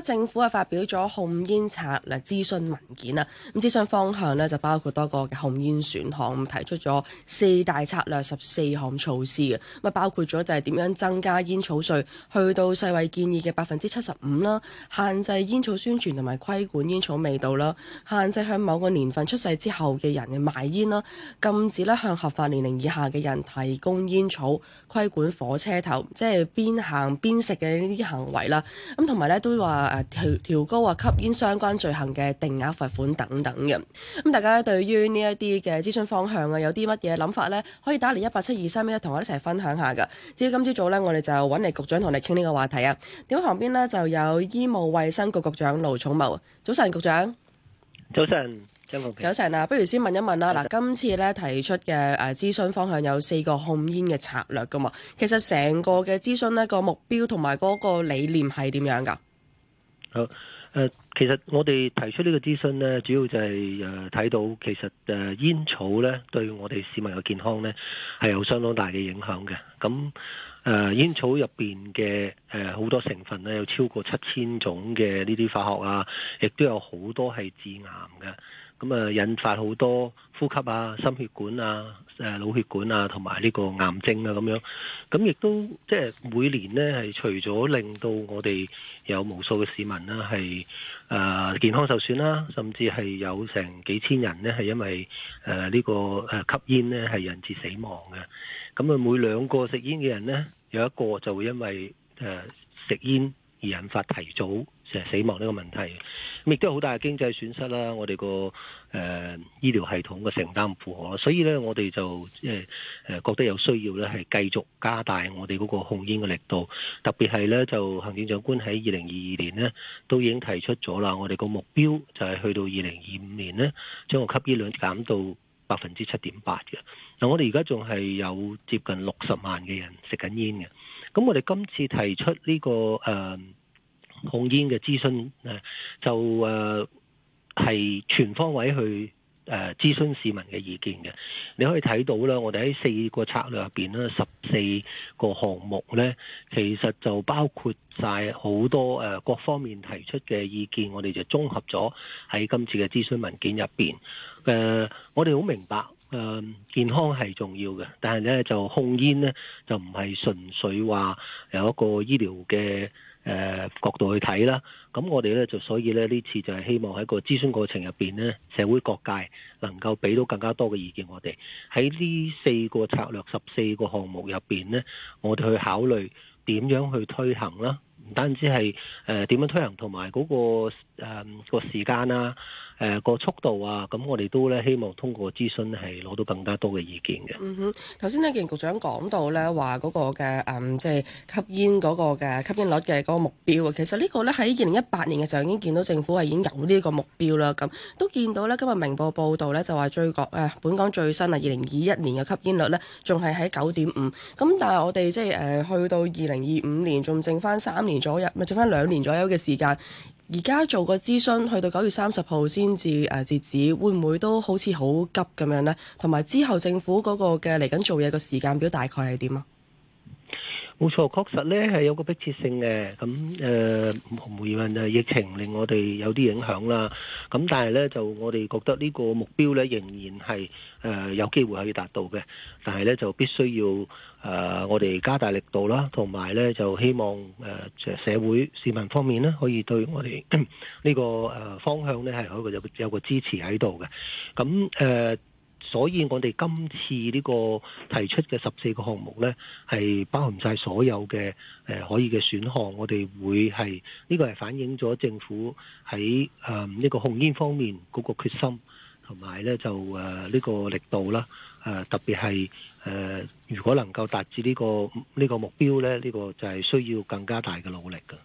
政府啊發表咗控煙策略諮詢文件啊，咁諮詢方向咧就包括多個嘅控煙選項，咁提出咗四大策略十四項措施嘅，咁包括咗就係點樣增加煙草稅，去到世衞建議嘅百分之七十五啦，限制煙草宣傳同埋規管煙草味道啦，限制向某個年份出世之後嘅人嘅賣煙啦，禁止咧向合法年齡以下嘅人提供煙草，規管火車頭，即係邊行邊食嘅呢啲行為啦，咁同埋咧都話，誒，調調、啊、高啊，吸煙相關罪行嘅定額罰款等等嘅。咁、啊、大家對於呢一啲嘅諮詢方向啊，有啲乜嘢諗法咧？可以打嚟，一八七二三一，同我一齊分享下噶。至於今朝早咧，我哋就搵嚟局長同你傾呢個話題啊。點喺旁邊咧，就有醫務衛生局局，局長盧寵茂。早晨，局長。早晨，張國平。早晨啊，不如先問一問、啊、安啦。嗱，今次咧提出嘅誒諮詢方向有四個控煙嘅策略噶嘛？其實成個嘅諮詢咧個目標同埋嗰個理念係點樣噶？好誒、呃，其實我哋提出呢個諮詢呢，主要就係誒睇到其實誒煙、呃、草呢對我哋市民嘅健康呢係有相當大嘅影響嘅。咁誒煙草入邊嘅誒好多成分呢，有超過七千種嘅呢啲化學啊，亦都有好多係致癌嘅。咁啊，引發好多呼吸啊、心血管啊、誒腦血管啊，同埋呢個癌症啊咁樣。咁亦都即係每年呢，係除咗令到我哋有無數嘅市民啦，係誒、呃、健康受損啦、啊，甚至係有成幾千人呢係因為誒呢、呃這個誒吸煙呢係人致死亡嘅。咁啊，每兩個食煙嘅人呢，有一個就會因為誒食、呃、煙而引發提早死亡呢個問題，亦都係好大嘅經濟損失啦。我哋個誒醫療系統嘅承擔負荷，所以咧我哋就誒誒覺得有需要咧，係繼續加大我哋嗰個控煙嘅力度。特別係咧，就行政長官喺二零二二年呢都已經提出咗啦。我哋個目標就係去到二零二五年呢，將個吸煙率減到百分之七點八嘅。嗱、呃，我哋而家仲係有接近六十萬嘅人食緊煙嘅。咁、呃、我哋今次提出呢、呢個誒。呃控煙嘅諮詢咧，就誒係、呃、全方位去誒諮詢市民嘅意見嘅。你可以睇到啦，我哋喺四個策略入邊咧，十四個項目咧，其實就包括晒好多誒、呃、各方面提出嘅意見，我哋就綜合咗喺今次嘅諮詢文件入邊。誒、呃，我哋好明白誒、呃，健康係重要嘅，但係咧就控煙咧就唔係純粹話有一個醫療嘅。誒、呃、角度去睇啦，咁我哋呢，就所以呢，呢次就係希望喺個諮詢過程入邊呢，社會各界能夠俾到更加多嘅意見。我哋喺呢四個策略、十四個項目入邊呢，我哋去考慮點樣去推行啦。唔單止係誒，點樣推行，同埋嗰個誒，個時間啊，誒個速度啊，咁我哋都咧希望通過諮詢係攞到更加多嘅意見嘅。嗯哼，頭先咧，盧局長講到咧話嗰個嘅誒，即係吸煙嗰個嘅吸煙率嘅嗰個目標啊，其實呢個咧喺二零一八年嘅時候已經見到政府係已經有呢個目標啦。咁都見到咧，今日明報報道咧就話最國誒，本港最新啊，二零二一年嘅吸煙率咧仲係喺九點五，咁但係我哋即係誒去到二零二五年仲剩翻三年。年左咪剩翻兩年左右嘅時間。而家做個諮詢，去到九月三十號先至誒截止，會唔會都好似好急咁樣呢？同埋之後政府嗰個嘅嚟緊做嘢個時間表大概係點啊？冇錯，確實咧係有個迫切性嘅，咁誒冇疑問啊，疫情令我哋有啲影響啦。咁但係咧，就我哋覺得呢個目標咧仍然係誒有機會可以達到嘅。但係咧就必須要誒我哋加大力度啦，同埋咧就希望誒社會市民方面咧可以對我哋呢個誒方向咧係有個有個支持喺度嘅。咁誒。所以我哋今次呢個提出嘅十四個項目呢，係包含晒所有嘅誒可以嘅選項，我哋會係呢個係反映咗政府喺誒呢個控煙方面嗰個決心，同埋呢就誒呢個力度啦。誒特別係誒、呃、如果能夠達至呢個呢個目標呢，呢個就係需要更加大嘅努力嘅。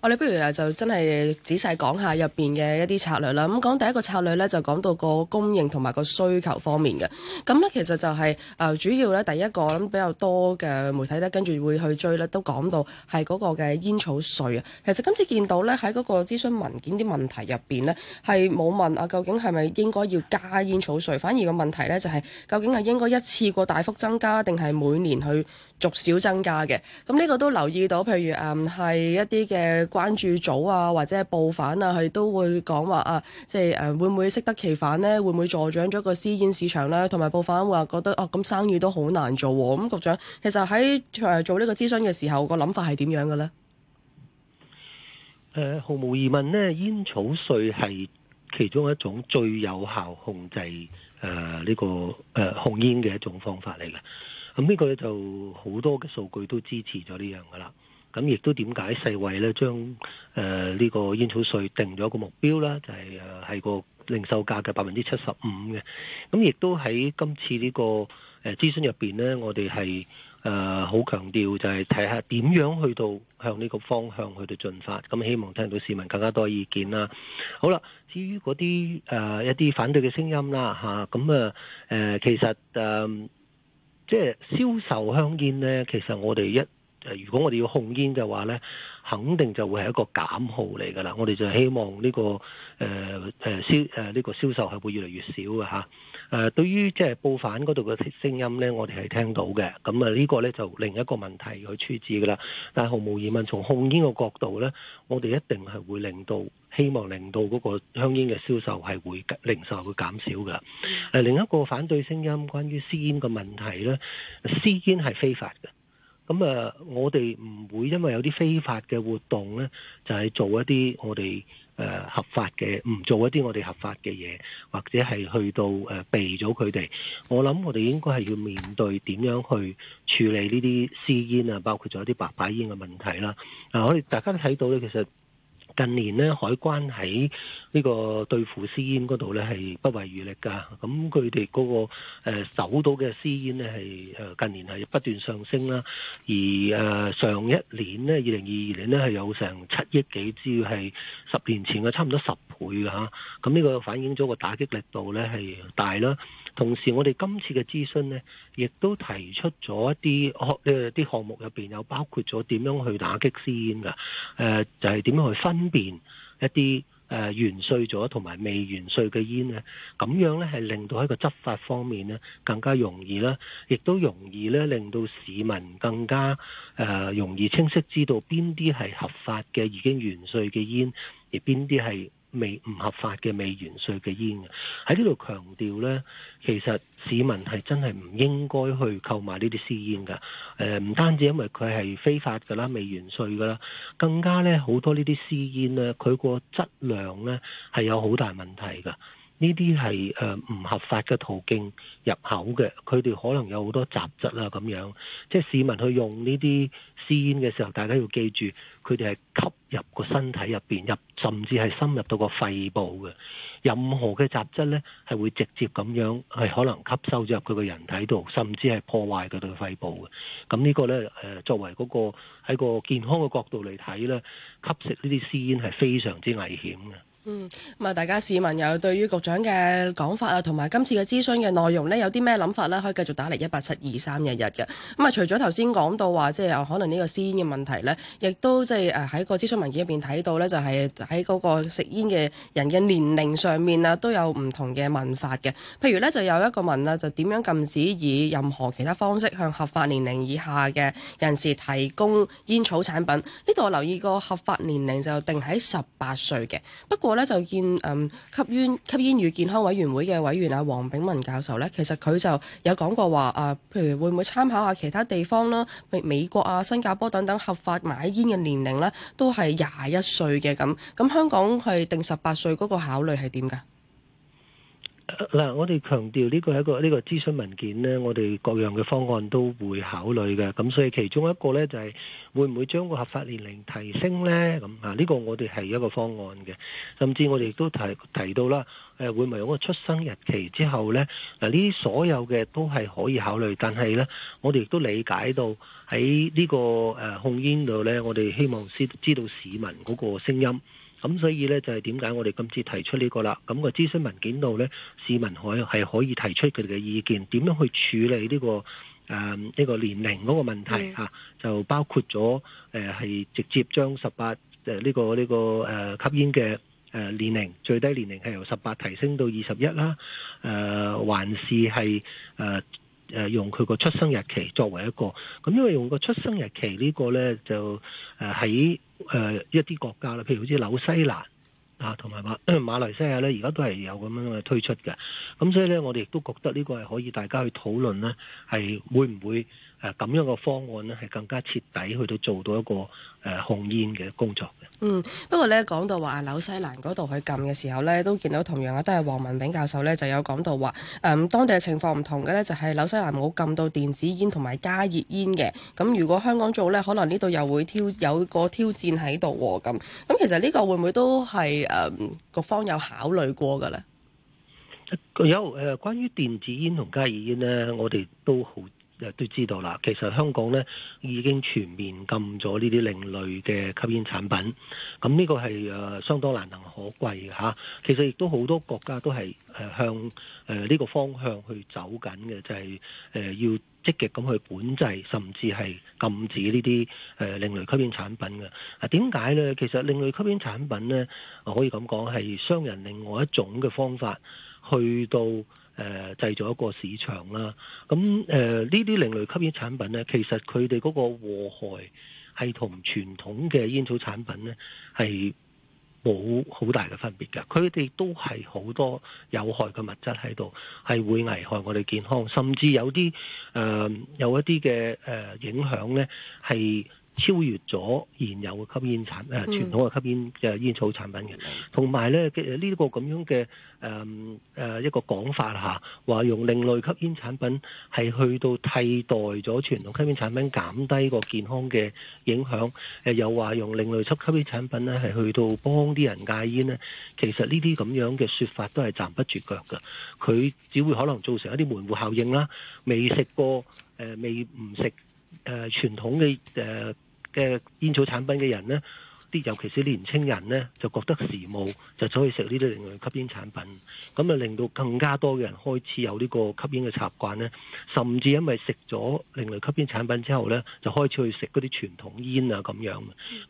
我哋不如啊，就真係仔細講下入邊嘅一啲策略啦。咁講第一個策略咧，就講到個供應同埋個需求方面嘅。咁咧其實就係、是、誒、呃、主要咧，第一個咁比較多嘅媒體咧，跟住會去追咧，都講到係嗰個嘅煙草稅啊。其實今次見到咧，喺嗰個諮詢文件啲問題入邊咧，係冇問啊，究竟係咪應該要加煙草稅？反而個問題咧就係、是，究竟係應該一次過大幅增加，定係每年去？逐少增加嘅，咁呢個都留意到，譬如誒係、嗯、一啲嘅關注組啊，或者係報販啊，佢都會講話啊，即係誒會唔會適得其反呢？會唔會助長咗個私煙市場呢？同埋報販會話覺得哦，咁、啊、生意都好難做喎、啊。咁局長其實喺誒做呢個諮詢嘅時候，個諗法係點樣嘅呢？誒、呃，毫無疑問呢，呢煙草稅係其中一種最有效控制誒呢、呃這個誒、呃、控煙嘅一種方法嚟嘅。咁呢個就好多嘅數據都支持咗呢樣噶啦，咁亦都點解世衞咧將誒呢、呃呢個煙草稅定咗個目標啦？就係誒係個零售價嘅百分之七十五嘅。咁亦都喺今次呢、呢個誒、呃、諮詢入邊咧，我哋係誒好強調，就係睇下點樣去到向呢個方向去到進發。咁希望聽到市民更加多意見啦。好啦，至於嗰啲誒一啲反對嘅聲音啦，嚇咁啊誒、啊呃，其實誒。呃即係銷售香煙呢，其實我哋一誒，如果我哋要控煙嘅話呢，肯定就會係一個減號嚟㗎啦。我哋就希望呢個誒誒、呃、銷誒呢個銷售係會越嚟越少嘅嚇。誒對於即係報販嗰度嘅聲音咧，我哋係聽到嘅。咁啊，呢個咧就另一個問題去處置嘅啦。但係毫無疑問，從控煙嘅角度咧，我哋一定係會令到希望令到嗰個香煙嘅銷售係會零售會減少嘅。誒另一個反對聲音，關於私煙嘅問題咧，私煙係非法嘅。咁啊，我哋唔會因為有啲非法嘅活動咧，就係、是、做一啲我哋。誒合法嘅唔做一啲我哋合法嘅嘢，或者係去到誒避咗佢哋，我諗我哋應該係要面對點樣去處理呢啲私煙啊，包括咗一啲白牌煙嘅問題啦。嗱、啊，我哋大家都睇到咧，其實。近年呢，海關喺呢個對付私煙嗰度呢，係不遺餘力㗎。咁佢哋嗰個誒搜、呃、到嘅私煙呢，係誒、呃、近年係不斷上升啦。而誒、呃、上一年呢，二零二二年呢，係有成七億幾支，係十年前嘅差唔多十倍㗎。咁呢個反映咗個打擊力度呢，係大啦。同時，我哋今次嘅諮詢呢，亦都提出咗一啲學嘅啲項目入邊，有包括咗點樣去打擊私煙嘅，誒、呃、就係、是、點樣去分辨一啲誒、呃、完稅咗同埋未完稅嘅煙呢，咁樣呢，係令到喺個執法方面呢，更加容易啦，亦都容易呢，令到市民更加誒、呃、容易清晰知道邊啲係合法嘅已經完稅嘅煙，而邊啲係，未唔合法嘅未完稅嘅煙，喺呢度強調呢，其實市民係真係唔應該去購買呢啲私煙嘅，誒、呃，唔單止因為佢係非法嘅啦，未完稅嘅啦，更加呢好多呢啲私煙咧，佢個質量呢，係有好大問題㗎。呢啲係誒唔合法嘅途徑入口嘅，佢哋可能有好多雜質啦咁樣。即係市民去用呢啲私煙嘅時候，大家要記住，佢哋係吸入個身體入邊，入甚至係深入到個肺部嘅。任何嘅雜質呢，係會直接咁樣係可能吸收咗入佢個人體度，甚至係破壞佢個肺部嘅。咁呢個呢，誒，作為嗰、嗰個喺個健康嘅角度嚟睇呢，吸食呢啲私煙係非常之危險嘅。嗯，咁啊，大家市民有對於局長嘅講法啊，同埋今次嘅諮詢嘅內容呢，有啲咩諗法呢？可以繼續打嚟一八七二三一一嘅。咁、嗯、啊，除咗頭先講到話，即係可能呢個私煙嘅問題呢，亦都即係誒喺個諮詢文件入邊睇到呢，就係喺嗰個食煙嘅人嘅年齡上面啊，都有唔同嘅問法嘅。譬如呢，就有一個問啦，就點樣禁止以任何其他方式向合法年齡以下嘅人士提供煙草產品？呢度我留意個合法年齡就定喺十八歲嘅，不過，我咧就見誒、嗯、吸煙吸煙與健康委員會嘅委員啊，黃炳文教授咧，其實佢就有講過話啊，譬如會唔會參考下其他地方啦，美美國啊、新加坡等等合法買煙嘅年齡咧，都係廿一歲嘅咁。咁香港係定十八歲嗰個考慮係點㗎？嗱，我哋強調呢個係一個呢個諮詢文件呢，我哋各樣嘅方案都會考慮嘅。咁所以其中一個呢就係會唔會將個合法年齡提升呢？咁啊，呢個我哋係一個方案嘅。甚至我哋亦都提提到啦，誒會唔會有個出生日期之後呢？嗱，呢啲所有嘅都係可以考慮。但係呢，我哋亦都理解到喺呢個誒控煙度呢，我哋希望知知道市民嗰個聲音。咁所以咧，就係點解我哋今次提出呢個啦？咁個諮詢文件度咧，市民可係可以提出佢哋嘅意見，點樣去處理呢、呢個誒呢、呃呢個年齡嗰個問題的、啊、就包括咗誒，係、呃、直接將十八誒呢個呢個誒吸煙嘅誒年齡最低年齡係由十八提升到二十一啦。誒，還是係誒誒用佢個出生日期作為一個。咁因為用個出生日期個呢個咧，就誒喺。呃誒、呃、一啲國家啦，譬如好似紐西蘭啊，同埋馬馬來西亞咧，而家都係有咁樣嘅推出嘅。咁所以咧，我哋亦都覺得呢個係可以大家去討論咧，係會唔會？誒，咁樣嘅方案呢，係更加徹底去到做到一個誒控煙嘅工作嘅。嗯，不過呢，講到話紐西蘭嗰度去禁嘅時候呢，都見到同樣都係黃文炳教授呢就有講到話誒、嗯，當地嘅情況唔同嘅呢，就係紐西蘭冇禁到電子煙同埋加熱煙嘅。咁如果香港做呢，可能呢度又會挑有個挑戰喺度喎。咁咁其實呢個會唔會都係誒、嗯、各方有考慮過㗎咧？有誒，關於電子煙同加熱煙呢，我哋都好。都知道啦，其實香港咧已經全面禁咗呢啲另類嘅吸煙產品，咁、這、呢個係誒相當難能可貴嘅嚇。其實亦都好多國家都係誒向誒呢個方向去走緊嘅，就係、是、誒要積極咁去管制，甚至係禁止呢啲誒另類吸煙產品嘅。啊，點解咧？其實另類吸煙產品咧，我可以咁講係商人另外一種嘅方法去到。誒、呃、製造一個市場啦，咁誒呢啲另類吸煙產品呢，其實佢哋嗰個禍害係同傳統嘅煙草產品呢係冇好大嘅分別嘅，佢哋都係好多有害嘅物質喺度，係會危害我哋健康，甚至有啲誒、呃、有一啲嘅誒影響呢係超越咗現有嘅吸煙產品，誒、啊、傳統嘅吸煙嘅煙草產品嘅，同埋咧呢一、這個咁樣嘅誒誒一個講法嚇，話、啊、用另類吸煙產品係去到替代咗傳統吸煙產品，減低個健康嘅影響。誒又話用另類吸吸煙產品咧，係去到幫啲人戒煙咧。其實呢啲咁樣嘅説法都係站不住腳㗎，佢只會可能造成一啲門戶效應啦。未食過誒，未唔食。誒、呃、傳統嘅誒嘅煙草產品嘅人呢，啲尤其是年青人呢，就覺得時髦，就走去食呢啲另類吸煙產品，咁啊令到更加多嘅人開始有呢個吸煙嘅習慣呢，甚至因為食咗另類吸煙產品之後呢，就開始去食嗰啲傳統煙啊咁樣。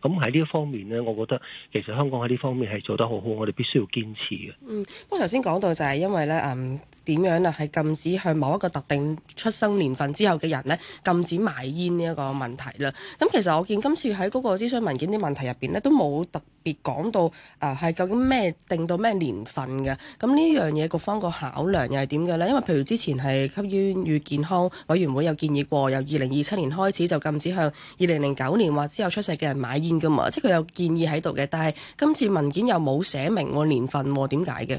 咁喺呢一方面呢，我覺得其實香港喺呢方面係做得好好，我哋必須要堅持嘅。嗯，不過頭先講到就係因為呢。嗯。點樣啊？係禁止向某一個特定出生年份之後嘅人咧，禁止賣煙呢一個問題啦。咁其實我見今次喺嗰個諮詢文件啲問題入邊咧，都冇特別講到啊，係、呃、究竟咩定到咩年份嘅？咁呢樣嘢各方個考量又係點嘅咧？因為譬如之前係吸煙與健康委員會有建議過，由二零二七年開始就禁止向二零零九年或之後出世嘅人賣煙噶嘛，即係佢有建議喺度嘅。但係今次文件又冇寫明個年份，點解嘅？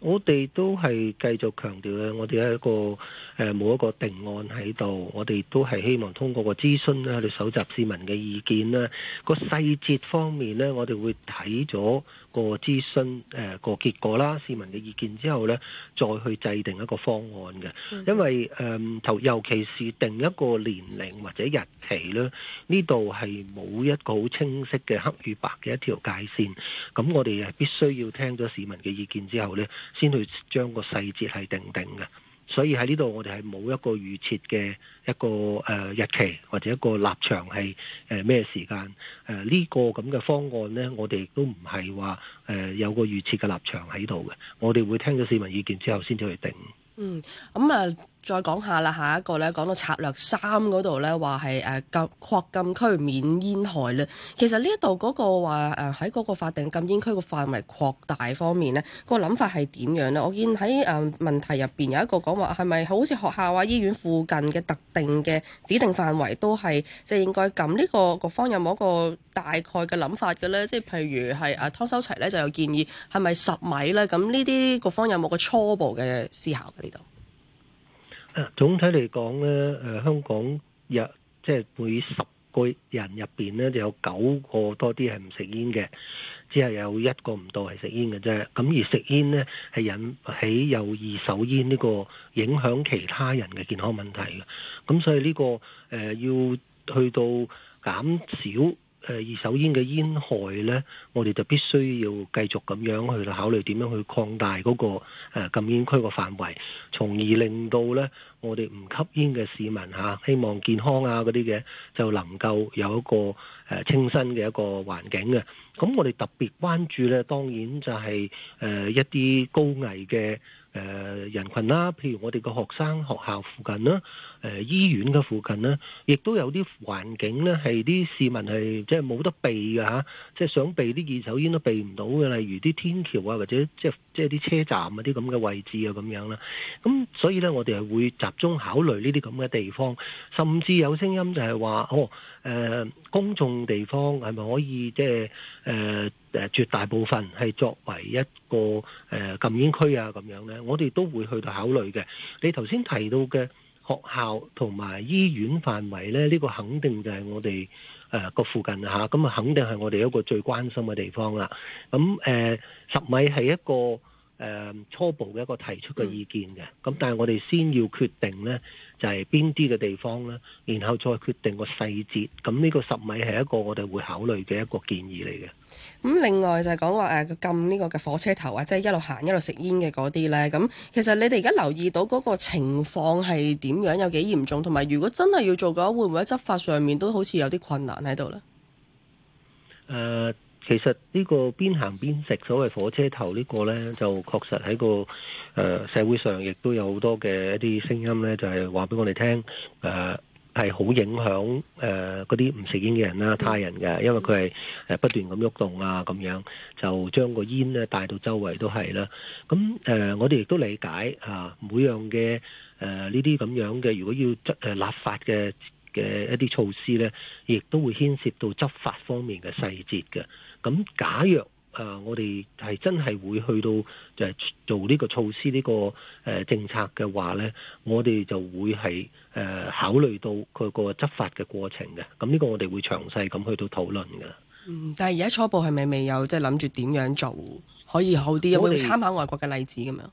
我哋都係繼續強調咧，我哋係一個誒冇一個定案喺度，我哋都係希望通過個諮詢咧，去搜集市民嘅意見咧，個細節方面咧，我哋會睇咗。個諮詢誒個結果啦，市民嘅意見之後呢，再去制定一個方案嘅。因為誒，尤、嗯、尤其是定一個年齡或者日期呢，呢度係冇一個好清晰嘅黑與白嘅一條界線。咁我哋係必須要聽咗市民嘅意見之後呢，先去將個細節係定定嘅。所以喺呢度，我哋係冇一個預設嘅一個誒日期，或者一個立場係誒咩時間，誒呢個咁嘅方案呢，我哋都唔係話誒有個預設嘅立場喺度嘅，我哋會聽咗市民意見之後先至去定。嗯，咁啊。再講下啦，下一個咧講到策略三嗰度咧，話係誒禁擴禁區免煙害咧。其實呢一度嗰個話喺嗰個法定禁煙區嘅範圍擴大方面咧，嗰個諗法係點樣咧？我見喺誒、啊、問題入邊有一個講話係咪好似學校啊、醫院附近嘅特定嘅指定範圍都係即係應該禁、呢個？呢、嗰個各方有冇一個大概嘅諗法嘅咧？即、就、係、是、譬如係阿、啊、湯修齊咧就有建議係咪十米咧？咁呢啲各方有冇個初步嘅思考嘅呢度？誒，總體嚟講咧，誒，香港入即係每十個人入邊咧，就有九個多啲係唔食煙嘅，只係有一個唔到係食煙嘅啫。咁而食煙咧，係引起有二手煙呢個影響其他人嘅健康問題嘅。咁所以呢個誒，要去到減少。誒，二手煙嘅煙害呢，我哋就必須要繼續咁樣去考慮點樣去擴大嗰個禁煙區個範圍，從而令到呢，我哋唔吸煙嘅市民嚇、啊、希望健康啊嗰啲嘅就能夠有一個誒、啊、清新嘅一個環境嘅、啊。咁我哋特別關注呢，當然就係、是、誒、呃、一啲高危嘅。誒、呃、人群啦、啊，譬如我哋個學生學校附近啦、啊，誒、呃、醫院嘅附近啦、啊，亦都有啲環境呢，係啲市民係即係冇得避嘅嚇、啊，即係想避啲二手煙都避唔到嘅，例如啲天橋啊或者即係即係啲車站啊啲咁嘅位置啊咁樣啦、啊。咁所以呢，我哋係會集中考慮呢啲咁嘅地方，甚至有聲音就係話，哦。誒、呃、公眾地方係咪可以即係誒誒絕大部分係作為一個誒、呃、禁煙區啊咁樣咧？我哋都會去到考慮嘅。你頭先提到嘅學校同埋醫院範圍咧，呢、呢個肯定就係我哋誒個附近嚇，咁啊肯定係我哋一個最關心嘅地方啦。咁誒、呃、十米係一個。誒初步嘅一個提出嘅意見嘅，咁、嗯、但係我哋先要決定呢就係邊啲嘅地方呢，然後再決定個細節。咁呢個十米係一個我哋會考慮嘅一個建議嚟嘅。咁、嗯、另外就係講話誒禁呢個嘅火車頭啊，即係一路行一路食煙嘅嗰啲呢。咁其實你哋而家留意到嗰個情況係點樣？有幾嚴重？同埋如果真係要做嘅話，會唔會喺執法上面都好似有啲困難喺度呢？誒、呃。其實呢個邊行邊食，所謂火車頭呢個呢，就確實喺個誒、呃、社會上亦都有好多嘅一啲聲音呢，就係話俾我哋聽，誒係好影響誒嗰啲唔食煙嘅人啦、他人嘅，因為佢係誒不斷咁喐動啊，咁樣就將個煙呢帶到周圍都係啦。咁誒、呃，我哋亦都理解吓、啊，每樣嘅誒呢啲咁樣嘅，如果要執立法嘅嘅一啲措施呢，亦都會牽涉到執法方面嘅細節嘅。咁假若誒、呃、我哋係真係會去到就係做呢個措施呢、呢個誒、呃、政策嘅話咧，我哋就會係誒、呃、考慮到佢個執法嘅過程嘅。咁呢個我哋會詳細咁去到討論嘅。嗯，但係而家初步係咪未有即係諗住點樣做可以好啲？有冇參考外國嘅例子咁樣？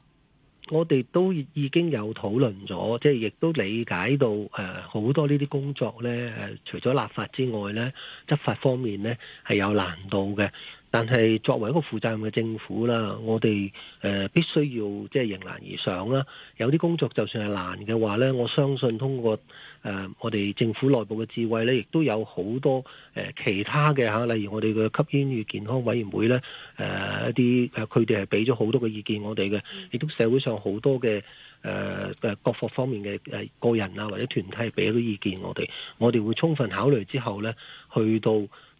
我哋都已經有討論咗，即係亦都理解到誒、呃、好多呢啲工作呢，誒、呃，除咗立法之外呢，執法方面呢係有難度嘅。但係作為一個負責任嘅政府啦，我哋誒、呃、必須要即係迎難而上啦。有啲工作就算係難嘅話呢，我相信通過。誒、呃，我哋政府內部嘅智慧呢，亦都有好多誒、呃、其他嘅嚇，例如我哋嘅吸煙與健康委員會呢，誒、呃、一啲誒佢哋係俾咗好多嘅意見我哋嘅，亦都社會上好多嘅誒誒各個方面嘅誒個人啊，或者團體係俾咗啲意見我哋，我哋會充分考慮之後呢，去到。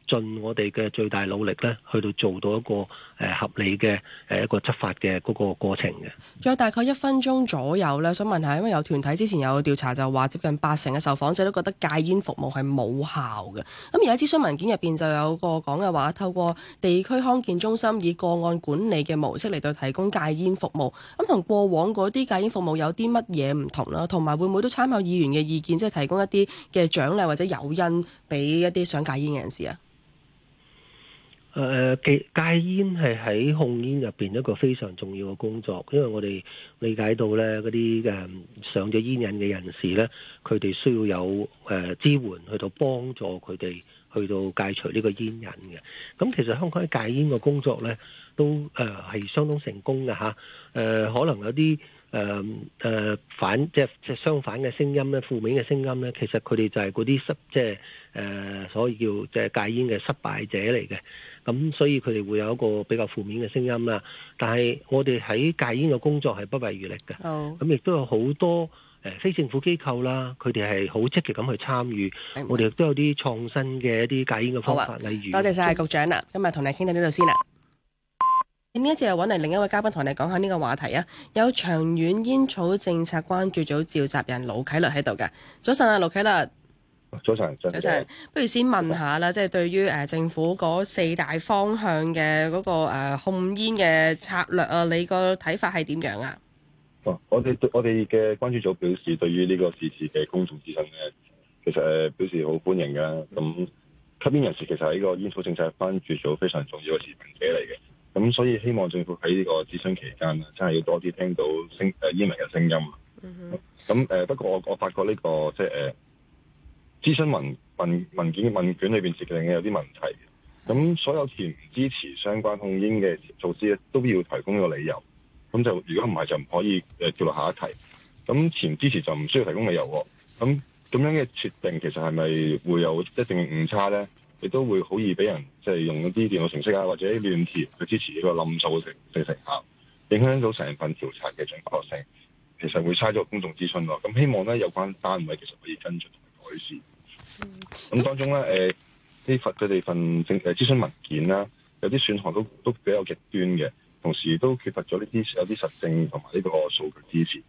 盡我哋嘅最大努力咧，去到做到一個誒、呃、合理嘅誒、呃、一個執法嘅嗰個過程嘅。仲有大概一分鐘左右咧，想問下，因為有團體之前有調查就話，接近八成嘅受訪者都覺得戒煙服務係冇效嘅。咁而家諮詢文件入邊就有個講嘅話，透過地區康健中心以個案管理嘅模式嚟到提供戒煙服務。咁同過往嗰啲戒煙服務有啲乜嘢唔同啦？同埋會唔會都參考議員嘅意見，即係提供一啲嘅獎勵或者誘因俾一啲想戒煙嘅人士啊？誒，戒戒煙係喺控煙入邊一個非常重要嘅工作，因為我哋理解到咧，嗰啲誒上咗煙癮嘅人士咧，佢哋需要有誒支援去到幫助佢哋去到戒除呢個煙癮嘅。咁其實香港戒煙嘅工作咧都誒係相當成功嘅嚇。誒可能有啲誒誒反即係即係相反嘅聲音咧，負面嘅聲音咧，其實佢哋就係嗰啲失即係誒所謂叫即係戒煙嘅失敗者嚟嘅。咁所以佢哋會有一個比較負面嘅聲音啦。但係我哋喺戒煙嘅工作係不遺餘力嘅。哦，咁亦都有好多誒非政府機構啦，佢哋係好積極咁去參與。我哋亦都有啲創新嘅一啲戒煙嘅方法，oh. 例如多謝晒，局長啦。今日同你傾到呢度先啦。呢一次又揾嚟另一位嘉賓同你講下呢個話題啊。有長遠煙草政策關注組召集人盧啟律喺度嘅。早晨啊，盧啟律。早晨，早晨。不如先問下啦，即係、嗯、對於誒政府嗰四大方向嘅嗰個誒控煙嘅策略啊，你個睇法係點樣啊？哦，我哋對我哋嘅關注組表示，對於呢個時事嘅公眾諮詢咧，其實誒表示好歡迎嘅。咁吸煙人士其實喺個煙草政策關注組非常重要嘅持份者嚟嘅。咁所以希望政府喺呢個諮詢期間咧，真係要多啲聽到聲誒煙民嘅聲音。咁誒、嗯哼呃，不過我我發覺呢、這個即係、呃、誒。諮詢文文文件嘅問卷裏邊設定有啲問題，咁所有唔支持相關控煙嘅措施咧都要提供一個理由，咁就如果唔係就唔可以誒跳落下一題。咁前支持就唔需要提供理由，咁咁樣嘅設定其實係咪會有一定誤差咧？亦都會好易俾人即係、就是、用一啲電腦程式啊，或者亂填去支持呢個冧數嘅成成成效，影響到成份調查嘅準確性，其實會嘥咗個公眾諮詢咯。咁希望咧有關單位其實可以跟進。回事，咁、嗯、當中咧，誒、呃，缺乏佢哋份政誒諮詢文件啦，有啲選項都都比較極端嘅，同時都缺乏咗呢啲有啲實證同埋呢個數據支持。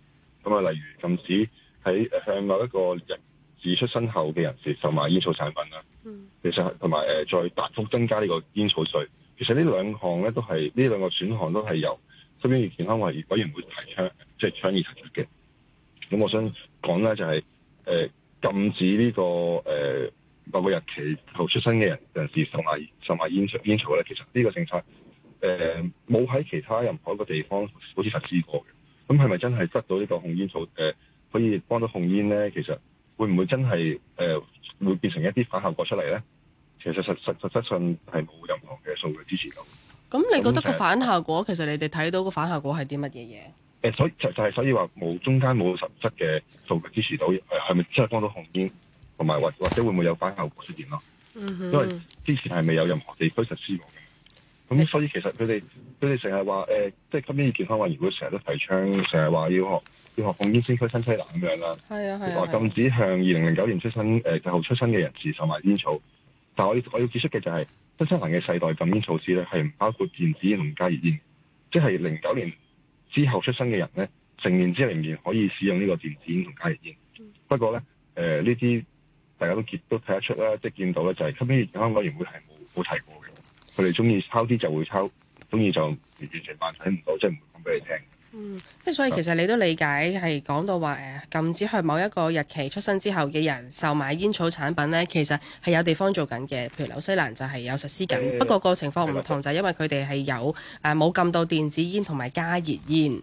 咁、嗯、啊，例如禁止喺向某一個人指出身後嘅人士，售賣煙草產品啦。嗯、其實同埋誒，再大幅增加呢個煙草稅。其實呢兩項咧，都係呢兩個選項都係由香港吸煙與健康委員會提出，即、就、係、是、倡議提出嘅。咁、嗯、我想講咧，就係、是、誒。呃禁止呢、呢個誒某個日期後出生嘅人人士售賣售賣煙草煙草咧，其實呢個政策誒冇喺其他任何一個地方好似實施過嘅。咁係咪真係得到呢個控煙草誒、呃、可以幫到控煙咧？其實會唔會真係誒、呃、會變成一啲反效果出嚟咧？其實實實質上係冇任何嘅數據支持到。咁你覺得個反效果，其實，反效果其實你哋睇到個反效果係啲乜嘢嘢？誒、呃，所以就就係所以話冇中間冇實質嘅數據支持到，係、呃、咪真係幫到控煙，同埋或或者會唔會有反效果出現咯？Mm hmm. 因為之前係未有任何地區實施過嘅，咁所以其實佢哋佢哋成日話誒，即係吸煙健康，話如果成日都提倡，成日話要學要學控煙，先驅新西蘭咁樣啦。係啊係、啊、禁止向二零零九年出生誒，就、呃、後出生嘅人士售賣煙草。但係我我要指出嘅就係、是、新西蘭嘅世代禁煙措施咧，係唔包括電子煙同加熱煙，即係零九年。之後出生嘅人咧，成年之後仍然可以使用呢個電子煙同加熱煙。不過咧，誒呢啲大家都見都睇得出啦，即係見到咧、就係，就係根本香港議會係冇冇提過嘅。佢哋中意抄啲就會抄，中意就完全扮睇唔到，即係唔會講俾你聽。嗯，即係所以，其實你都理解係講到話誒、啊，禁止去某一個日期出生之後嘅人售賣煙草產品咧，其實係有地方做緊嘅。譬如紐西蘭就係有實施緊，欸、不過個情況唔同、欸、是是就係因為佢哋係有誒冇、啊、禁到電子煙同埋加熱煙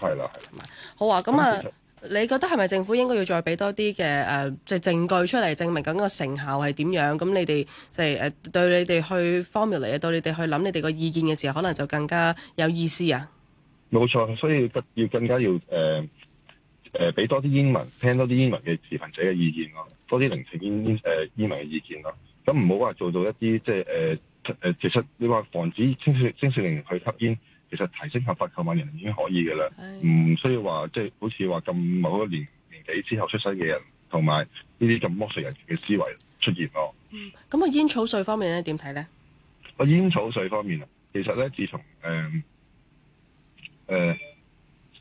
係啦，係好啊。咁啊，嗯、你覺得係咪政府應該要再俾多啲嘅誒即係證據出嚟證明緊個成效係點樣？咁你哋即係誒對你哋去 formula 到你哋去諗你哋個意見嘅時候，可能就更加有意思啊！冇錯，所以要要更加要誒誒，俾、呃呃、多啲英文，聽多啲英文嘅持份者嘅意見咯，多啲聆聽英英、呃、英文嘅意見咯。咁唔好話做到一啲即係誒誒，其實你話防止青少年青少年去吸煙，其實提升合法購物人已經可以嘅啦，唔的需要話即係好似話咁某一年年紀之後出生嘅人，同埋呢啲咁剝削人嘅思維出現咯。嗯，咁啊，煙草稅方面咧點睇咧？啊，煙草稅方面啊，其實咧，自從誒。呃誒誒、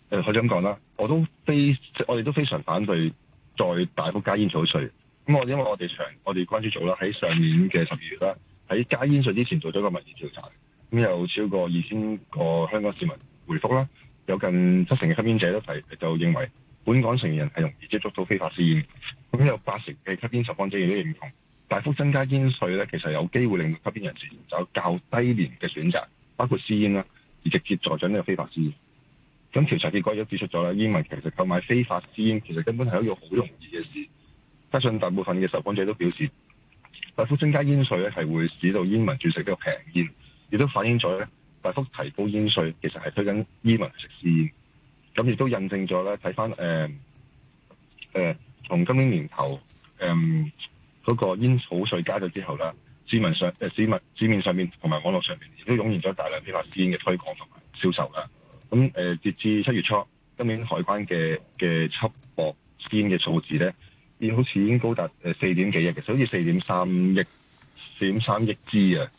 呃，可以咁講啦，我都非我哋都非常反對再大幅加煙草稅。咁我因為我哋長我哋關注組啦，喺上年嘅十二月啦，喺加煙稅之前做咗個民意調查，咁有超過二千個香港市民回覆啦，有近七成嘅吸煙者都係就認為本港成人係容易接觸到非法私煙。咁有八成嘅吸煙受訪者亦都認同，大幅增加煙稅咧，其實有機會令到吸煙人士有較低廉嘅選擇，包括私煙啦，而直接助長呢個非法私煙。咁調查結果亦都指出咗啦，煙民其實購買非法私煙其實根本係一個好容易嘅事。加上大部分嘅受訪者都表示，大幅增加煙稅咧，係會使到煙民轉食比較平煙。亦都反映咗咧，大幅提高煙稅其實係推緊煙民食私煙。咁亦都印證咗咧，睇返誒誒，從今年年頭誒嗰個煙草稅加咗之後啦，市民上誒、呃、市民市面上面同埋網絡上面，亦都湧現咗大量非法私煙嘅推廣同埋銷售啦。咁誒、呃、截至七月初，今年海關嘅嘅執獲煙嘅數字咧，變好似已經高達誒四點幾億嘅，好似四點三億四點三億支啊，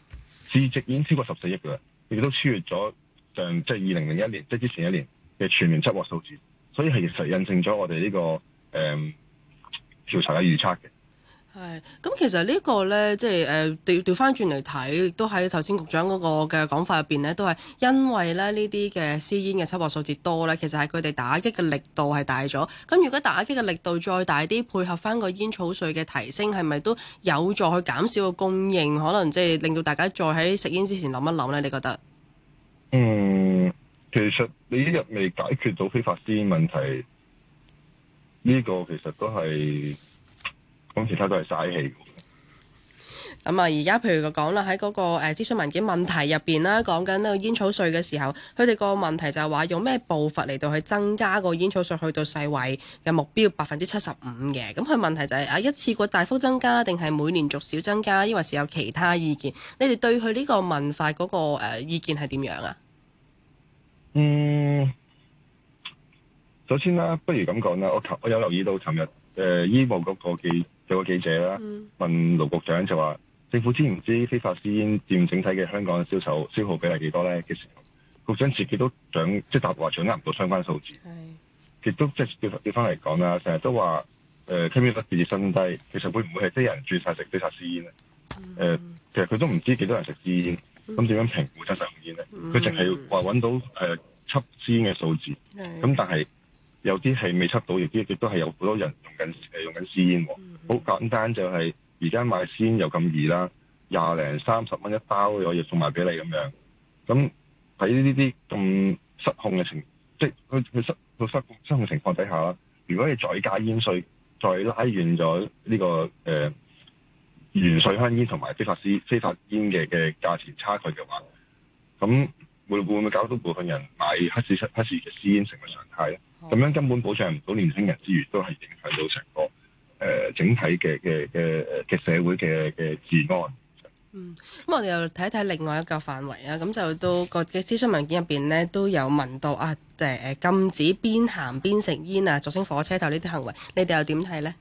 市值已經超過十四億嘅，亦都超越咗誒即係二零零一年，即、就、係、是、之前一年嘅全年執獲數字，所以係實印證咗我哋呢、這個誒調、呃、查嘅預測嘅。係，咁、嗯、其實呢個呢，即係誒調調翻轉嚟睇，亦、呃、都喺頭先局長嗰個嘅講法入邊呢，都係因為咧呢啲嘅私煙嘅抽獲數字多呢，其實係佢哋打擊嘅力度係大咗。咁如果打擊嘅力度再大啲，配合翻個煙草稅嘅提升，係咪都有助去減少個供應？可能即係令到大家再喺食煙之前諗一諗呢，你覺得？嗯，其實你一日未解決到非法私煙問題，呢、呢個其實都係。當時睇到係嘥氣。咁啊，而家譬如佢講啦，喺嗰、那個誒諮詢文件問題入邊啦，講緊呢個煙草稅嘅時候，佢哋個問題就係話用咩步伐嚟到去增加個煙草稅去到世衛嘅目標百分之七十五嘅。咁佢、嗯、問題就係、是、啊，一次過大幅增加，定係每年逐少增加，抑或是有其他意見？你哋對佢呢個問法嗰個誒、啊、意見係點樣啊？誒、嗯，首先啦、啊，不如咁講啦，我我有留意到尋日誒、呃、醫務局個記。有個記者啦問盧局長就話，政府知唔知非法私煙佔整體嘅香港銷售消耗比例係幾多咧？嘅時候，局長自己都掌即係答話掌握唔到相關數字，亦、就是、都即係叫叫翻嚟講啦，成日都話誒，KPI 不斷跌新低，其實會唔會係啲人轉晒食非法私煙咧？誒、呃，其實佢都唔知幾多人食私煙，咁點樣評估真實控煙咧？佢淨係話搵到誒吸私煙嘅數字，咁、嗯嗯、但係。有啲係未出到，亦都亦都係有好多人用緊誒用緊私煙好、mm hmm. 簡單就係而家買私煙又咁易啦，廿零三十蚊一包要，我又送埋俾你咁樣。咁喺呢啲咁失控嘅情，即係佢佢失失控情況底下啦。如果你再加煙稅，再拉遠咗呢、呢個誒、呃、原稅香煙同埋非法私非法煙嘅嘅價錢差距嘅話，咁會唔會搞到部分人買黑市黑市嘅私煙成為常態咧？咁樣根本保障唔到年輕人之餘，都係影響到成個誒、呃、整體嘅嘅嘅嘅社會嘅嘅治安。嗯，咁我哋又睇一睇另外一個範圍啊。咁就到、嗰個嘅諮詢文件入邊咧，都有問到啊，誒、呃、禁止邊行邊食煙啊，坐喺火車頭呢啲行為，你哋又點睇咧？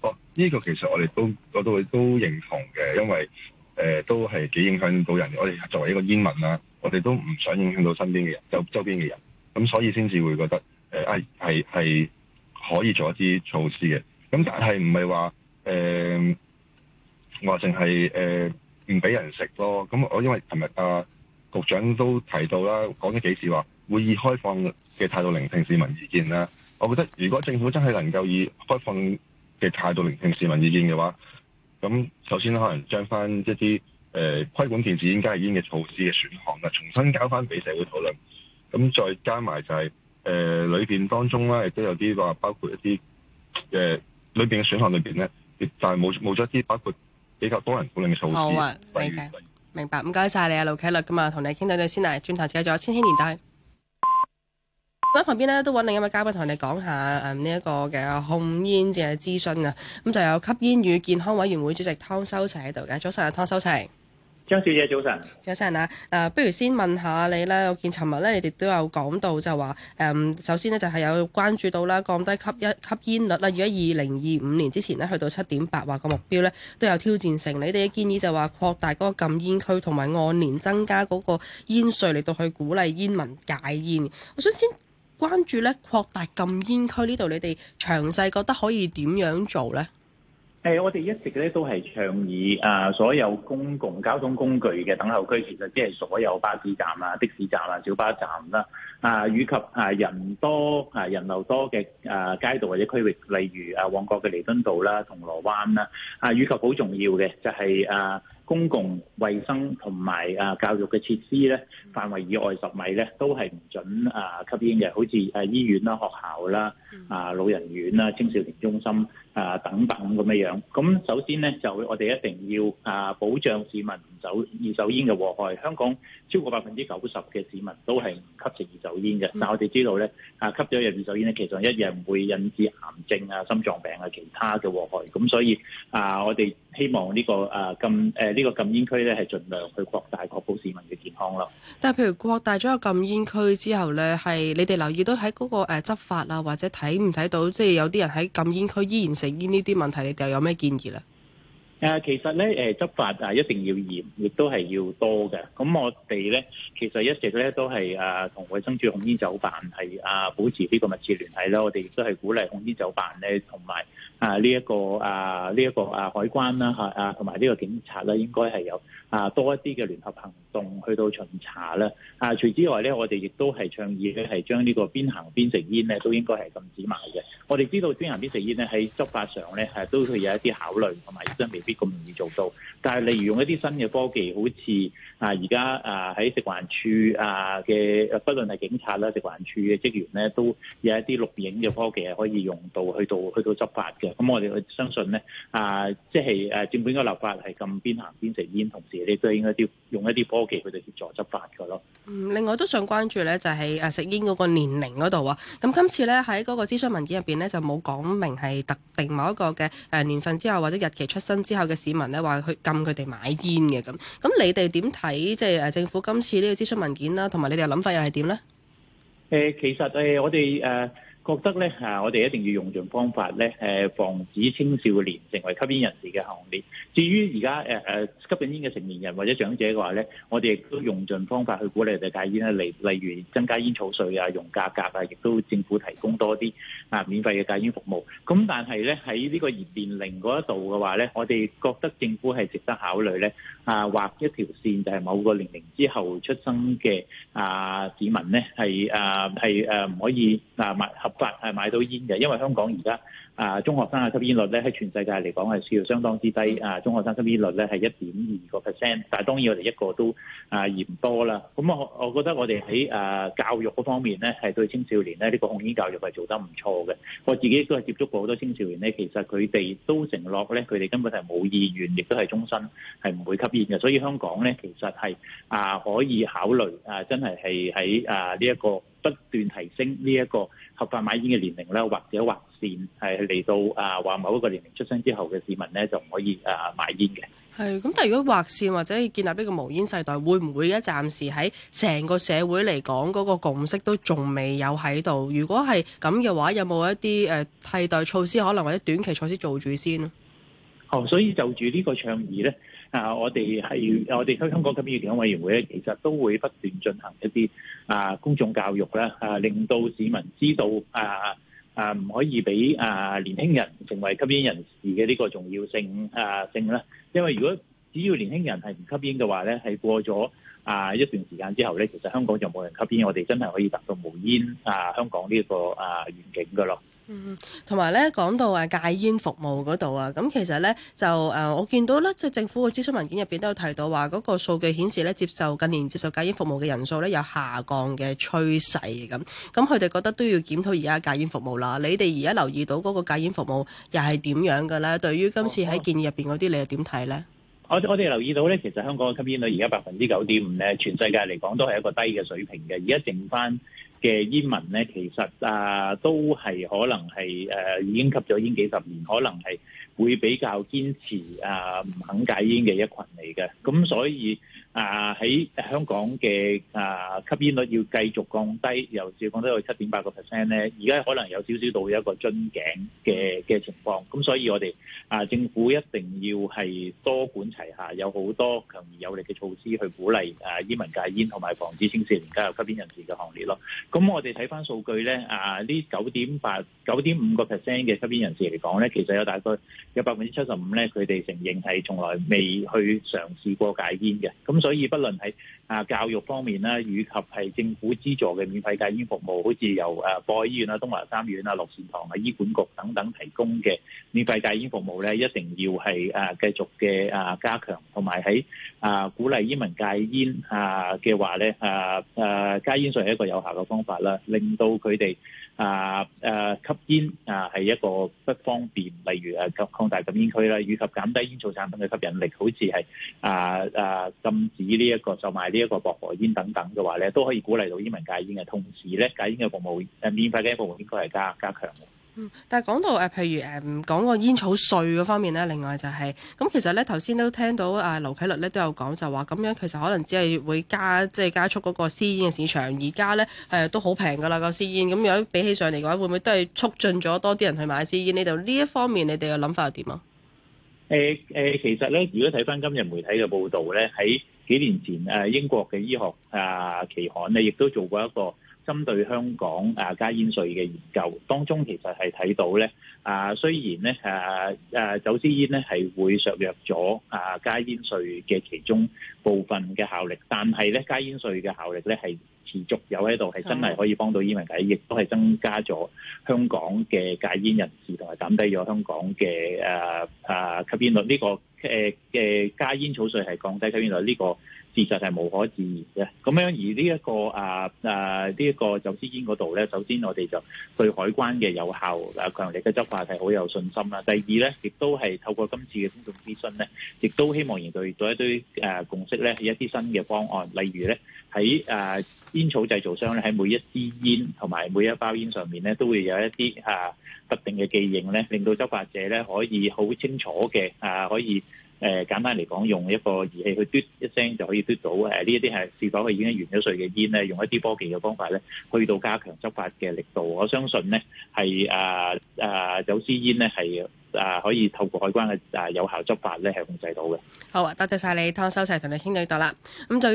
哦，呢、這個其實我哋都我都都認同嘅，因為誒、呃、都係幾影響到人。我哋作為一個煙民啊，我哋都唔想影響到身邊嘅人，周周邊嘅人。咁、嗯、所以先至會覺得誒，係係係可以做一啲措施嘅，咁、嗯、但係唔係話誒話淨係誒唔俾人食咯。咁、嗯、我因為尋日啊局長都提到啦，講咗幾次話會以開放嘅態度聆聽市民意見啦。我覺得如果政府真係能夠以開放嘅態度聆聽市民意見嘅話，咁、嗯、首先可能將翻一啲誒規管電子煙加熱煙嘅措施嘅選項啊，重新交翻俾社會討論。咁再加埋就係誒裏邊當中咧，亦都有啲話包括一啲誒裏邊嘅選項裏邊咧，亦但係冇冇咗啲包括比較多人反映嘅數字。好啊，明白，唔該晒你啊，盧啟律。咁啊，同你傾到你先啦。轉頭接咗千禧年代。咁 旁邊咧都揾另一位嘉賓同你講下誒呢一個嘅控煙淨係諮詢啊。咁就有吸煙與健康委員會主席湯修齊喺度嘅，早晨啊，湯修齊。張小姐早晨，早晨啊！誒、啊，不如先問下你咧。我見尋日咧，你哋都有講到就話誒、嗯，首先咧就係、是、有關注到啦，降低吸一吸煙率啦。而家二零二五年之前咧，去到七點八話個目標咧，都有挑戰性。你哋嘅建議就話擴大嗰個禁煙區，同埋按年增加嗰個煙稅，嚟到去鼓勵煙民戒煙。我想先關注咧擴大禁煙區呢度，你哋詳細覺得可以點樣做咧？係， 我哋一直咧都係倡議啊，所有公共交通工具嘅等候區，其實即係所有巴士站啊、的士站啊、小巴站啦，啊，以及啊人多啊人流多嘅啊街道或者區域，例如啊旺角嘅彌敦道啦、銅鑼灣啦，啊，以及好重要嘅就係、是、啊。公共衛生同埋啊教育嘅設施咧範圍以外十米咧都係唔準啊吸煙嘅，好似啊醫院啦、學校啦、啊、嗯、老人院啦、青少年中心啊等等咁嘅樣。咁首先咧就我哋一定要啊保障市民唔受二手煙嘅禍害。香港超過百分之九十嘅市民都係唔吸食二手煙嘅。嗯、但係我哋知道咧啊吸咗入二手煙咧，其實一樣會引致癌症啊、心臟病啊，其他嘅禍害。咁所以啊，我哋希望呢、呢個啊咁誒。啊呢個禁煙區呢，係盡量去擴大，確保市民嘅健康咯。但係譬如擴大咗個禁煙區之後呢，係你哋留意到喺嗰、嗰個誒、呃、執法啊，或者睇唔睇到，即係有啲人喺禁煙區依然食煙呢啲問題，你哋又有咩建議呢？誒其實咧，誒執法啊一定要嚴，亦都係要多嘅。咁我哋咧，其實一直咧都係啊同衞生署控煙酒辦係啊保持呢個密切聯繫咯。我哋亦都係鼓勵控煙酒辦咧，同埋、呢個、啊呢一、呢個啊呢一個啊海關啦嚇啊同埋呢個警察啦，應該係有啊多一啲嘅聯合行動去到巡查啦。啊除之外咧，我哋亦都係倡議咧係將呢個邊行邊食煙咧，都應該係禁止埋嘅。我哋知道邊行邊食煙咧喺執法上咧係、啊、都會有一啲考慮同埋一些面。未必咁容易做到，但係例如用一啲新嘅科技，好似啊而家啊喺食環署啊嘅，不論係警察啦、食環署嘅職員咧，都有一啲錄影嘅科技係可以用到去到去到執法嘅。咁我哋去相信咧啊，即係誒，政府嗰立法係咁邊行邊食煙，同時你都應該要用一啲科技去到協助執法嘅咯。嗯，另外都想關注咧，就係、是、誒食煙嗰個年齡嗰度啊。咁今次咧喺嗰個諮詢文件入邊咧，就冇講明係特定某一個嘅誒年份之後或者日期出生之後。後嘅市民咧，話去禁佢哋買煙嘅咁，咁你哋點睇？即係誒，政府今次呢個諮詢文件啦，同埋你哋嘅諗法又係點咧？誒，其實誒、呃，我哋誒。呃覺得咧嚇，我哋一定要用盡方法咧，誒防止青少年成為吸煙人士嘅行列。至於而家誒誒吸緊煙嘅成年人或者長者嘅話咧，我哋亦都用盡方法去鼓勵佢戒煙啦。例例如增加煙草稅啊，用價格啊，亦都政府提供多啲啊免費嘅戒煙服務。咁但係咧喺呢個年齡嗰一度嘅話咧，我哋覺得政府係值得考慮咧啊，劃一條線就係某個年齡之後出生嘅啊市民咧係啊係誒唔可以啊買合。法係買到煙嘅。因為香港而家啊中學生嘅吸煙率咧喺全世界嚟講係需要相當之低啊，中學生吸煙率咧係一點二個 percent，但係當然我哋一個都啊嫌多啦。咁啊，我覺得我哋喺啊教育嗰方面咧，係對青少年咧呢個控煙教育係做得唔錯嘅。我自己都係接觸過好多青少年咧，其實佢哋都承諾咧，佢哋根本係冇意願，亦都係終身係唔會吸煙嘅。所以香港咧，其實係啊可以考慮啊，真係係喺啊呢一個。不斷提升呢一個合法買煙嘅年齡咧，或者劃線係嚟到啊，話某一個年齡出生之後嘅市民咧，就唔可以啊買煙嘅係咁。但係如果劃線或者建立呢個無煙世代，會唔會而家暫時喺成個社會嚟講嗰個共識都仲未有喺度？如果係咁嘅話，有冇一啲誒替代措施，可能或者短期措施做住先咯？哦，所以就住呢個倡議咧。啊！我哋係我哋喺香港吸煙與健康委員會咧，其實都會不斷進行一啲啊公眾教育啦，啊令到市民知道啊啊唔可以俾啊年輕人成為吸煙人士嘅呢個重要性啊性啦。因為如果只要年輕人係唔吸煙嘅話咧，係過咗啊一段時間之後咧，其實香港就冇人吸煙，我哋真係可以達到無煙啊香港呢、這個啊願景噶咯。嗯，同埋咧，講到話戒煙服務嗰度啊，咁其實咧就誒、呃，我見到咧，即係政府嘅諮詢文件入邊都有提到話，嗰、嗰個數據顯示咧，接受近年接受戒煙服務嘅人數咧有下降嘅趨勢咁。咁佢哋覺得都要檢討而家戒煙服務啦。你哋而家留意到嗰個戒煙服務又係點樣嘅咧？對於今次喺建議入邊嗰啲，你又點睇咧？我我哋留意到咧，其實香港嘅吸煙率而家百分之九點五咧，全世界嚟講都係一個低嘅水平嘅，而家剩翻嘅煙民咧，其實啊，都係可能係誒、啊、已經吸咗煙幾十年，可能係會比較堅持啊，唔肯戒煙嘅一群嚟嘅，咁所以。啊！喺香港嘅啊吸煙率要繼續降低，由少降低到七點八個 percent 咧。而家可能有少少到一個樽頸嘅嘅情況，咁所以我哋啊政府一定要係多管齊下，有好多強而有力嘅措施去鼓勵啊煙民戒煙，同埋防止青少年加入吸煙人士嘅行列咯。咁我哋睇翻數據咧，啊呢九點八九點五個 percent 嘅吸煙人士嚟講咧，其實有大概有百分之七十五咧，佢哋承認係從來未去嘗試過戒煙嘅，咁所所以，不論喺啊教育方面啦，以及係政府資助嘅免費戒煙服務，好似由誒博愛醫院啊、東華三院啊、樂善堂啊、醫管局等等提供嘅免費戒煙服務咧，一定要係誒繼續嘅誒加強，同埋喺誒鼓勵煙民戒煙啊嘅話咧誒誒戒煙稅係一個有效嘅方法啦，令到佢哋。啊誒、啊、吸煙啊係一個不方便，例如誒擴、啊、大禁煙區啦，以及減低煙草產品嘅吸引力，好似係啊啊禁止呢、這、一個售賣呢一個薄荷煙等等嘅話咧，都可以鼓勵到煙民戒煙嘅。同時咧，戒煙嘅服務誒免費嘅服務應該係加加強。嗯、但係講到誒，譬如誒、嗯、講個煙草稅嗰方面咧，另外就係、是、咁、嗯，其實咧頭先都聽到誒、啊、盧啟律咧都有講，就話咁樣其實可能只係會加即係、就是、加速嗰個私煙嘅市場。而家咧誒都好平㗎啦個私煙，咁、嗯、樣比起上嚟嘅話，會唔會都係促進咗多啲人去買私煙呢？你哋呢一方面你，你哋嘅諗法係點啊？誒、呃、誒，其實咧，如果睇返今日媒體嘅報導咧，喺幾年前誒、啊、英國嘅醫學啊期刊咧，亦都做過一個，針對香港啊，加煙稅嘅研究當中，其實係睇到咧啊，雖然咧誒誒，走私煙咧係會削弱咗啊，加煙稅嘅其中部分嘅效力，但係咧，加煙稅嘅效力咧係持續有喺度，係真係可以幫到煙民仔，亦都係增加咗香港嘅戒煙人士，同埋減低咗香港嘅誒誒吸煙率。呢個誒嘅加煙草稅係降低吸煙率呢個。事實係無可置疑嘅。咁樣而呢、這、一個啊啊呢一、這個走私煙嗰度咧，首先我哋就對海關嘅有效啊強力嘅執法係好有信心啦。第二咧，亦都係透過今次嘅公眾諮詢咧，亦都希望凝聚到一堆誒、啊、共識咧，係一啲新嘅方案，例如咧喺誒煙草製造商咧喺每一支煙同埋每一包煙上面咧，都會有一啲誒、啊、特定嘅記認咧，令到執法者咧可以好清楚嘅啊可以。誒簡單嚟講，用一個儀器去嘟一聲就可以嘟到誒呢一啲係是否係已經完咗稅嘅煙咧，用一啲科技嘅方法咧，去到加強執法嘅力度。我相信咧係誒誒走私煙咧係誒可以透過海關嘅誒有效執法咧係控制到嘅。好啊，多謝晒你，湯修齊同你傾到呢度啦。咁、嗯、就。